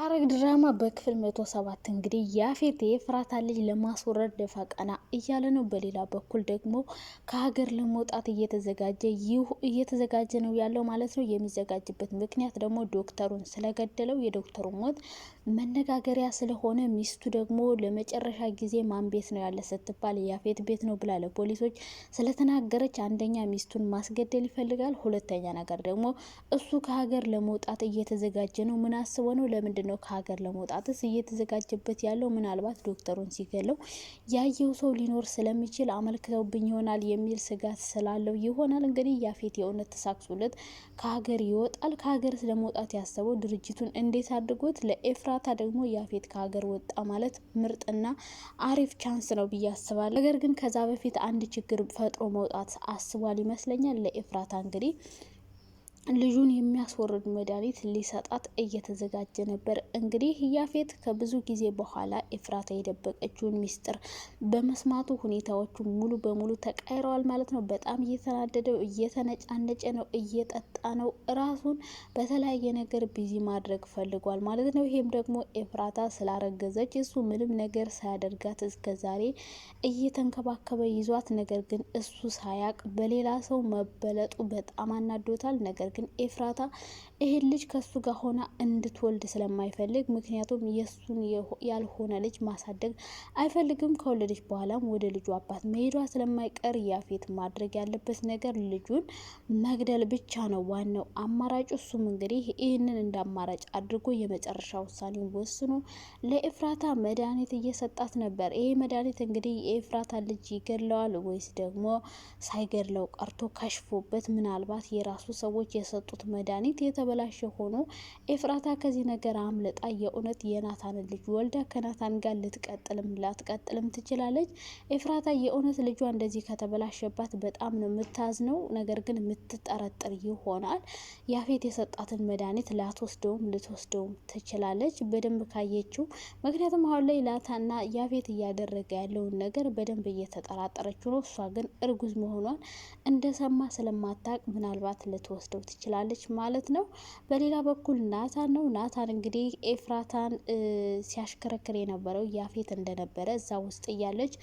ሐረግ ድራማ በክፍል መቶ ሰባት እንግዲህ ያፌት የፍራታ ልጅ ለማስወረድ ደፋ ቀና እያለ ነው። በሌላ በኩል ደግሞ ከሀገር ለመውጣት እየተዘጋጀ ይሁ እየተዘጋጀ ነው ያለው ማለት ነው። የሚዘጋጅበት ምክንያት ደግሞ ዶክተሩን ስለገደለው የዶክተሩ ሞት መነጋገሪያ ስለሆነ ሚስቱ ደግሞ ለመጨረሻ ጊዜ ማን ቤት ነው ያለ ስትባል ያፌት ቤት ነው ብላ ለፖሊሶች ስለተናገረች አንደኛ ሚስቱን ማስገደል ይፈልጋል፣ ሁለተኛ ነገር ደግሞ እሱ ከሀገር ለመውጣት እየተዘጋጀ ነው። ምን አስቦ ነው ለምንድን ነው ከሀገር ለመውጣትስ እየተዘጋጀበት ያለው? ምናልባት ዶክተሩን ሲገለው ያየው ሰው ሊኖር ስለሚችል አመልክተውብኝ ይሆናል የሚል ስጋት ስላለው ይሆናል። እንግዲህ ያፌት የእውነት ተሳክሶለት ከሀገር ይወጣል። ከሀገር ለመውጣት ያሰበው ድርጅቱን እንዴት አድርጎት፣ ለኤፍራታ ደግሞ ያፌት ከሀገር ወጣ ማለት ምርጥና አሪፍ ቻንስ ነው ብዬ አስባለሁ። ነገር ግን ከዛ በፊት አንድ ችግር ፈጥሮ መውጣት አስቧል ይመስለኛል ለኤፍራታ እንግዲህ ልጁን የሚያስወርድ መድኃኒት ሊሰጣት እየተዘጋጀ ነበር። እንግዲህ ያፌት ከብዙ ጊዜ በኋላ ኤፍራታ የደበቀችውን ሚስጥር በመስማቱ ሁኔታዎቹ ሙሉ በሙሉ ተቀይረዋል ማለት ነው። በጣም እየተናደደው እየተነጫነጨ ነው፣ እየጠጣ ነው፣ ራሱን በተለያየ ነገር ቢዚ ማድረግ ፈልጓል ማለት ነው። ይሄም ደግሞ ኤፍራታ ስላረገዘች እሱ ምንም ነገር ሳያደርጋት እስከዛሬ እየተንከባከበ ይዟት፣ ነገር ግን እሱ ሳያቅ በሌላ ሰው መበለጡ በጣም አናዶታል ነገር ግን ኤፍራታ ይሄ ልጅ ከሱ ጋር ሆና እንድትወልድ ስለማይፈልግ ምክንያቱም የሱን ያልሆነ ልጅ ማሳደግ አይፈልግም። ከወለደች በኋላም ወደ ልጁ አባት መሄዷ ስለማይቀር ያፌት ማድረግ ያለበት ነገር ልጁን መግደል ብቻ ነው ዋናው አማራጭ። እሱም እንግዲህ ይህንን እንደ አማራጭ አድርጎ የመጨረሻ ውሳኔ ወስኖ ለኤፍራታ መድኃኒት እየሰጣት ነበር። ይሄ መድኃኒት እንግዲህ የኤፍራታ ልጅ ይገድለዋል ወይስ ደግሞ ሳይገድለው ቀርቶ ከሽፎበት ምናልባት የራሱ ሰዎች የሰጡት መድኃኒት የተበላሸ ሆኖ ኤፍራታ ከዚህ ነገር አምልጣ የእውነት የናታንን ልጅ ወልዳ ከናታን ጋር ልትቀጥልም ላትቀጥልም ትችላለች። ኤፍራታ የእውነት ልጇ እንደዚህ ከተበላሸባት በጣም ነው የምታዝነው። ነገር ግን የምትጠረጥር ይሆናል። ያፌት የሰጣትን መድኃኒት ላትወስደውም ልትወስደውም ትችላለች በደንብ ካየችው። ምክንያቱም አሁን ላይ ላታና ያፌት እያደረገ ያለውን ነገር በደንብ እየተጠራጠረችው ነው። እሷ ግን እርጉዝ መሆኗን እንደሰማ ስለማታቅ ምናልባት ልትወስደው ትችላለች ማለት ነው። በሌላ በኩል ናታን ነው። ናታን እንግዲህ ኤፍራታን ሲያሽከረክር የነበረው ያፌት እንደነበረ እዛ ውስጥ እያለች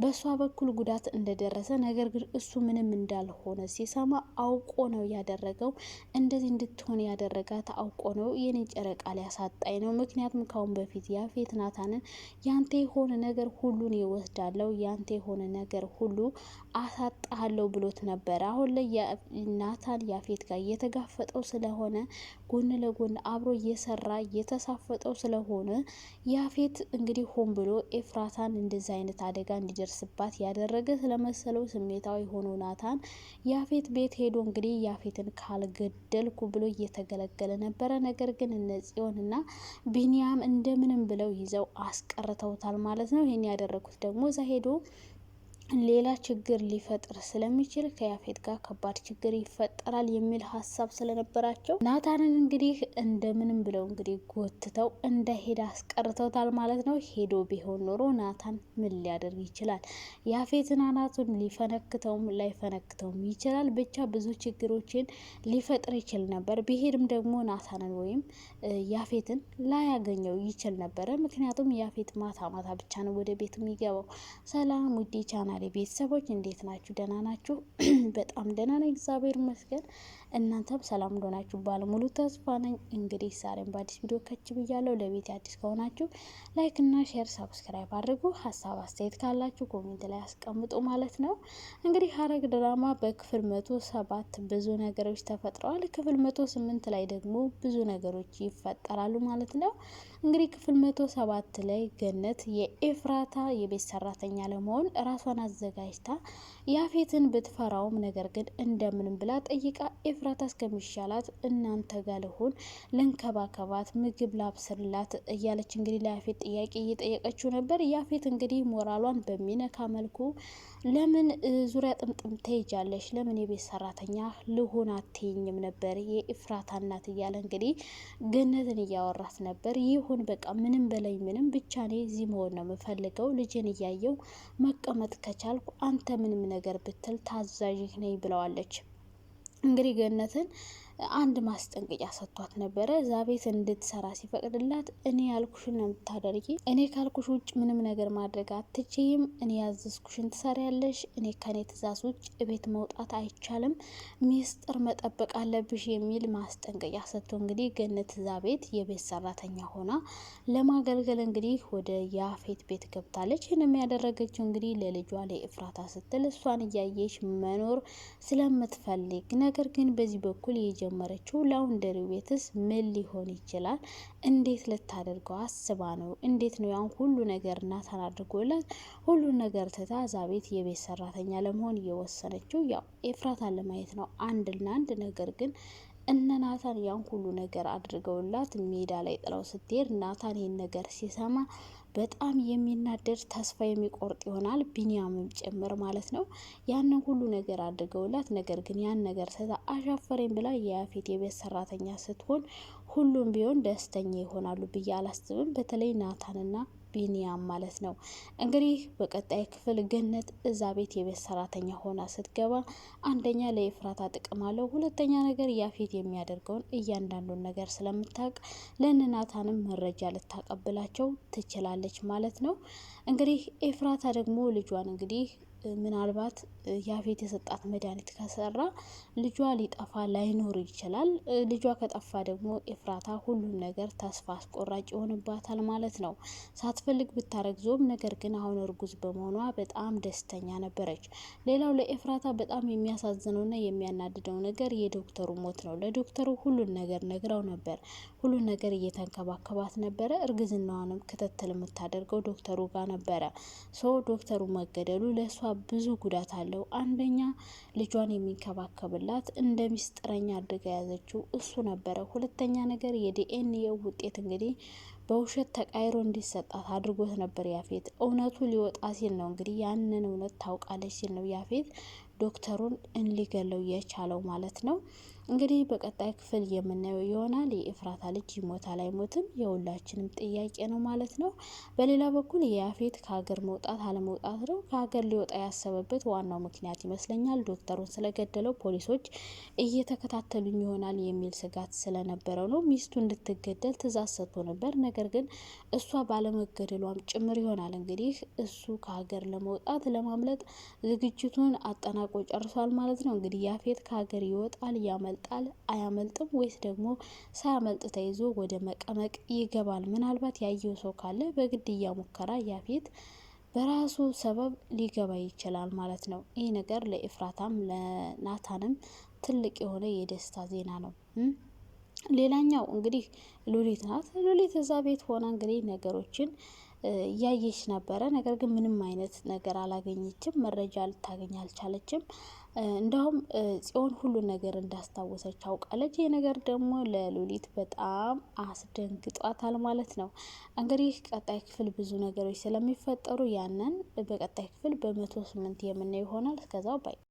በእሷ በኩል ጉዳት እንደደረሰ ነገር ግን እሱ ምንም እንዳልሆነ ሲሰማ አውቆ ነው ያደረገው። እንደዚህ እንድትሆን ያደረጋት አውቆ ነው። የኔ ጨረቃ ሊያሳጣኝ ነው። ምክንያቱም ካሁን በፊት ያፌት ናታንን ያንተ የሆነ ነገር ሁሉን ይወስዳለው፣ ያንተ የሆነ ነገር ሁሉ አሳጣለው ብሎት ነበረ። አሁን ላይ ናታን ያፌት ጋር እየተጋፈጠው ስለሆነ ጎን ለጎን አብሮ እየሰራ እየተሳፈጠው ስለሆነ ያፌት እንግዲህ ሆን ብሎ ኤፍራታን እንደዚህ አይነት አደጋ እንዲደርስባት ያደረገ ስለመሰለው ስሜታዊ ሆኖ ናታን ያፌት ቤት ሄዶ እንግዲህ ያፌትን ካልገደልኩ ብሎ እየተገለገለ ነበረ። ነገር ግን እነ ጽዮንና ቢንያም እንደምንም ብለው ይዘው አስቀርተውታል ማለት ነው። ይህን ያደረጉት ደግሞ እዛ ሄዶ ሌላ ችግር ሊፈጥር ስለሚችል ከያፌት ጋር ከባድ ችግር ይፈጠራል የሚል ሀሳብ ስለነበራቸው ናታንን እንግዲህ እንደምንም ብለው እንግዲህ ጎትተው ሄድ አስቀርተውታል ማለት ነው። ሄዶ ቢሆን ኖሮ ናታን ምን ሊያደርግ ይችላል? ያፌትን አናቱን ሊፈነክተውም ላይፈነክተውም ይችላል። ብቻ ብዙ ችግሮችን ሊፈጥር ይችል ነበር። ቢሄድም ደግሞ ናታንን ወይም ያፌትን ላያገኘው ይችል ነበረ። ምክንያቱም ያፌት ማታ ማታ ብቻ ነው ወደ ቤት የሚገባው። ሰላም ውዴቻ የቻናሌ ቤተሰቦች እንዴት ናችሁ? ደህና ናችሁ? በጣም ደህና ነኝ፣ እግዚአብሔር ይመስገን። እናንተም ሰላም እንደሆናችሁ ባለሙሉ ተስፋ ነኝ። እንግዲህ ዛሬም በአዲስ ቪዲዮ ከች ብያለሁ። ለቤት አዲስ ከሆናችሁ ላይክ እና ሼር፣ ሳብስክራይብ አድርጉ። ሀሳብ አስተያየት ካላችሁ ኮሜንት ላይ አስቀምጡ ማለት ነው። እንግዲህ ሐረግ ድራማ በክፍል መቶ ሰባት ብዙ ነገሮች ተፈጥረዋል። ክፍል መቶ ስምንት ላይ ደግሞ ብዙ ነገሮች ይፈጠራሉ ማለት ነው። እንግዲህ ክፍል መቶ ሰባት ላይ ገነት የኤፍራታ የቤት ሰራተኛ ለመሆን ራሷን አዘጋጅታ ያፌትን ብትፈራውም ነገር ግን እንደምንም ብላ ጠይቃ ኤፍራታ እስከሚሻላት እናንተ ጋር ልሆን ልንከባከባት፣ ምግብ ላብስላት እያለች እንግዲህ ለያፌት ጥያቄ እየጠየቀችው ነበር። ያፌት እንግዲህ ሞራሏን በሚነካ መልኩ ለምን ዙሪያ ጥምጥም ትሄጃለሽ? ለምን የቤት ሰራተኛ ልሆን አትይኝም ነበር የኤፍራታ እናት እያለ እንግዲህ ገነትን እያወራት ነበር። ይሁን በቃ ምንም በላይ ምንም ብቻ እኔ እዚህ መሆን ነው የምፈልገው ልጅን እያየው መቀመጥ ከ ከቻልኩ አንተ ምንም ነገር ብትል ታዛዥ ነኝ ብለዋለች። እንግዲህ ገነትን አንድ ማስጠንቀቂያ ሰጥቷት ነበረ። እዛ ቤት እንድትሰራ ሲፈቅድላት እኔ ያልኩሽን ነው የምታደርጊ፣ እኔ ካልኩሽ ውጭ ምንም ነገር ማድረግ አትችይም፣ እኔ ያዘዝኩሽን ትሰሪያለሽ፣ እኔ ከኔ ትእዛዝ ውጭ ቤት መውጣት አይቻልም፣ ሚስጥር መጠበቅ አለብሽ የሚል ማስጠንቀቂያ ሰጥቶ እንግዲህ ገነት እዛ ቤት የቤት ሰራተኛ ሆና ለማገልገል እንግዲህ ወደ ያፌት ቤት ገብታለች። ይህንም ያደረገችው እንግዲህ ለልጇ ለኤፍራታ ስትል እሷን እያየች መኖር ስለምትፈልግ ነገር ግን በዚህ በኩል የጀመረችው? ላውንደሪ ቤትስ ምን ሊሆን ይችላል? እንዴት ልታደርገው አስባ ነው? እንዴት ነው ያን ሁሉ ነገር ናታን አድርጎላት ሁሉ ነገር ትታ እዛ ቤት የቤት ሰራተኛ ለመሆን እየወሰነችው? ያው ኤፍራታን ለማየት ነው ና አንድ ነገር ግን እነ ናታን ያን ሁሉ ነገር አድርገውላት ሜዳ ላይ ጥለው ስትሄድ ናታን ይህን ነገር ሲሰማ በጣም የሚናደድ ተስፋ የሚቆርጥ ይሆናል። ቢንያምም ጭምር ማለት ነው። ያንን ሁሉ ነገር አድርገውላት፣ ነገር ግን ያን ነገር ስታ አሻፈሬም ብላ የያፌት የቤት ሰራተኛ ስትሆን ሁሉም ቢሆን ደስተኛ ይሆናሉ ብዬ አላስብም። በተለይ ናታንና ቢኒያም ማለት ነው። እንግዲህ በቀጣይ ክፍል ገነት እዛ ቤት የቤት ሰራተኛ ሆና ስትገባ አንደኛ ለኤፍራታ ጥቅም አለው፣ ሁለተኛ ነገር ያፌት የሚያደርገውን እያንዳንዱን ነገር ስለምታውቅ ለንናታንም መረጃ ልታቀብላቸው ትችላለች ማለት ነው። እንግዲህ ኤፍራታ ደግሞ ልጇን እንግዲህ ምናልባት ያፌት የሰጣት መድኃኒት ከሰራ ልጇ ሊጠፋ ላይኖር ይችላል። ልጇ ከጠፋ ደግሞ ኤፍራታ ሁሉም ነገር ተስፋ አስቆራጭ ይሆንባታል ማለት ነው። ሳትፈልግ ብታረግዞም ነገር ግን አሁን እርጉዝ በመሆኗ በጣም ደስተኛ ነበረች። ሌላው ለኤፍራታ በጣም የሚያሳዝነውና የሚያናድደው ነገር የዶክተሩ ሞት ነው። ለዶክተሩ ሁሉን ነገር ነግረው ነበር። ሁሉን ነገር እየተንከባከባት ነበረ። እርግዝናዋንም ክትትል የምታደርገው ዶክተሩ ጋር ነበረ። ሶ ዶክተሩ መገደሉ ለእሷ ብዙ ጉዳት አለው። አንደኛ ልጇን የሚንከባከብላት እንደ ሚስጥረኛ አድርጋ የያዘችው እሱ ነበረ። ሁለተኛ ነገር የዲኤን ውጤት እንግዲህ በውሸት ተቃይሮ እንዲሰጣት አድርጎት ነበር ያፌት። እውነቱ ሊወጣ ሲል ነው እንግዲህ ያንን እውነት ታውቃለች ሲል ነው ያፌት ዶክተሩን እንሊገለው የቻለው ማለት ነው። እንግዲህ በቀጣይ ክፍል የምናየው ይሆናል። የኤፍራታ ልጅ ይሞታል አይሞትም የሁላችንም ጥያቄ ነው ማለት ነው። በሌላ በኩል የያፌት ከሀገር መውጣት አለመውጣት ነው። ከሀገር ሊወጣ ያሰበበት ዋናው ምክንያት ይመስለኛል ዶክተሩን ስለገደለው ፖሊሶች እየተከታተሉኝ ይሆናል የሚል ስጋት ስለነበረው ነው። ሚስቱ እንድትገደል ትዕዛዝ ሰጥቶ ነበር። ነገር ግን እሷ ባለመገደሏም ጭምር ይሆናል እንግዲህ እሱ ከሀገር ለመውጣት ለማምለጥ ዝግጅቱን አጠናቆ ጨርሷል ማለት ነው። እንግዲህ ያፌት ከሀገር ይወጣል ያመ ያመልጣል አያመልጥም፣ ወይስ ደግሞ ሳያመልጥ ተይዞ ወደ መቀመቅ ይገባል? ምናልባት ያየው ሰው ካለ በግድያ ሙከራ ያፌት በራሱ ሰበብ ሊገባ ይችላል ማለት ነው። ይህ ነገር ለኤፍራታም ለናታንም ትልቅ የሆነ የደስታ ዜና ነው። ሌላኛው እንግዲህ ሉሊት ናት። ሉሊት እዛ ቤት ሆና እንግዲህ ነገሮችን እያየች ነበረ። ነገር ግን ምንም አይነት ነገር አላገኘችም፣ መረጃ ልታገኝ አልቻለችም። እንደውም ጽዮን ሁሉ ነገር እንዳስታወሰች አውቃለች። ይህ ነገር ደግሞ ለሉሊት በጣም አስደንግጧታል ማለት ነው። እንግዲህ ቀጣይ ክፍል ብዙ ነገሮች ስለሚፈጠሩ ያንን በቀጣይ ክፍል በመቶ ስምንት የምናየው ይሆናል። እስከዛው ባይ